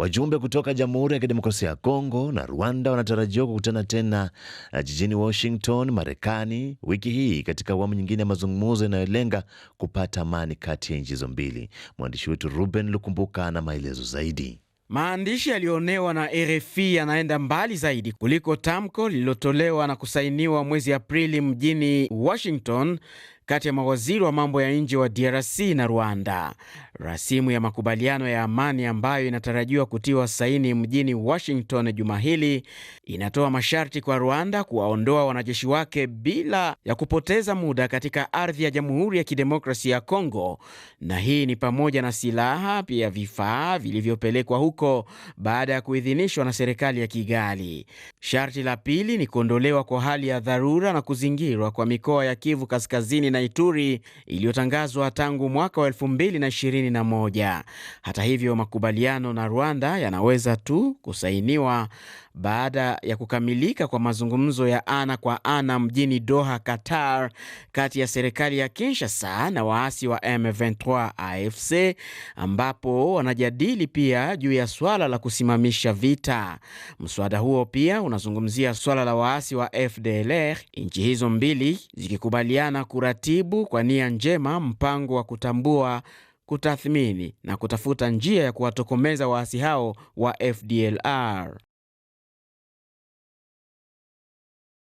Wajumbe kutoka Jamhuri ya Kidemokrasia ya Kongo na Rwanda wanatarajiwa kukutana tena eh, jijini Washington, Marekani, wiki hii katika awamu nyingine ya mazungumzo yanayolenga kupata amani kati ya nchi hizo mbili. Mwandishi wetu Ruben Lukumbuka na maelezo zaidi. Maandishi yaliyoonewa na RFI yanaenda mbali zaidi kuliko tamko lililotolewa na kusainiwa mwezi Aprili mjini Washington kati ya mawaziri wa mambo ya nje wa DRC na Rwanda. Rasimu ya makubaliano ya amani ambayo inatarajiwa kutiwa saini mjini Washington juma hili inatoa masharti kwa Rwanda kuwaondoa wanajeshi wake bila ya kupoteza muda katika ardhi ya Jamhuri ya Kidemokrasia ya Kongo, na hii ni pamoja na silaha, pia vifaa vilivyopelekwa huko baada ya kuidhinishwa na serikali ya Kigali. Sharti la pili ni kuondolewa kwa hali ya dharura na kuzingirwa kwa mikoa ya Kivu Kaskazini na na Ituri iliyotangazwa tangu mwaka wa 2021. Hata hivyo, makubaliano na Rwanda yanaweza tu kusainiwa baada ya kukamilika kwa mazungumzo ya ana kwa ana mjini Doha, Qatar, kati ya serikali ya Kinshasa na waasi wa M23 AFC, ambapo wanajadili pia juu ya swala la kusimamisha vita. Mswada huo pia unazungumzia swala la waasi wa FDLR, nchi hizo mbili zikikubaliana kurati kuratibu kwa nia njema mpango wa kutambua, kutathmini na kutafuta njia ya kuwatokomeza waasi hao wa FDLR.